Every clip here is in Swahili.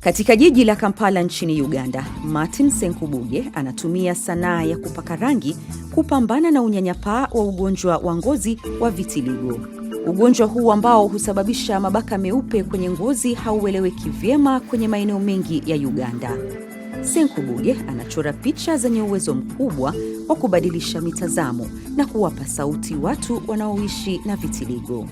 Katika jiji la Kampala nchini Uganda, Martin Senkubuge anatumia sanaa ya kupaka rangi kupambana na unyanyapaa wa ugonjwa wa ngozi wa vitiligo. Ugonjwa huu ambao husababisha mabaka meupe kwenye ngozi haueleweki vyema kwenye maeneo mengi ya Uganda. Senkubuge anachora picha zenye uwezo mkubwa wa kubadilisha mitazamo na kuwapa sauti watu wanaoishi na vitiligo.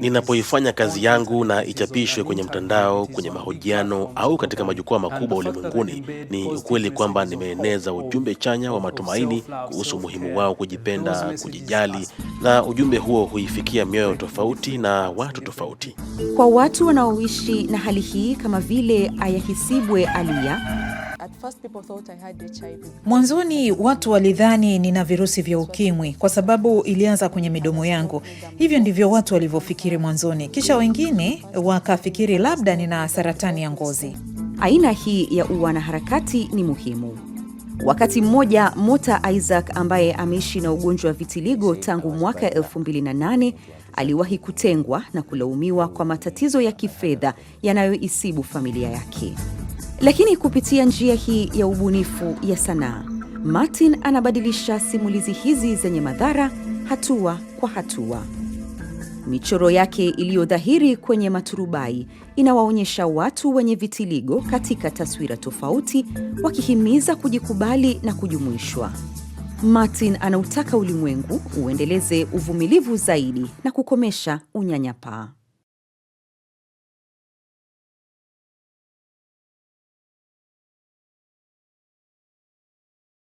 Ninapoifanya kazi yangu na ichapishwe kwenye mtandao, kwenye mahojiano au katika majukwaa makubwa ulimwenguni, ni ukweli kwamba nimeeneza ujumbe chanya wa matumaini kuhusu umuhimu wao kujipenda, kujijali, na ujumbe huo huifikia mioyo tofauti na watu tofauti. Kwa watu wanaoishi na hali hii kama vile Ayahisibwe Aliya Mwanzoni watu walidhani nina virusi vya ukimwi kwa sababu ilianza kwenye midomo yangu. Hivyo ndivyo watu walivyofikiri mwanzoni, kisha wengine wakafikiri labda nina saratani ya ngozi. Aina hii ya uwanaharakati ni muhimu. Wakati mmoja Mota Isaac ambaye ameishi na ugonjwa wa vitiligo tangu mwaka 2008 aliwahi kutengwa na kulaumiwa kwa matatizo ya kifedha yanayoisibu familia yake. Lakini kupitia njia hii ya ubunifu ya sanaa, Martin anabadilisha simulizi hizi zenye madhara hatua kwa hatua. Michoro yake iliyo dhahiri kwenye maturubai inawaonyesha watu wenye vitiligo katika taswira tofauti, wakihimiza kujikubali na kujumuishwa. Martin anautaka ulimwengu uendeleze uvumilivu zaidi na kukomesha unyanyapaa.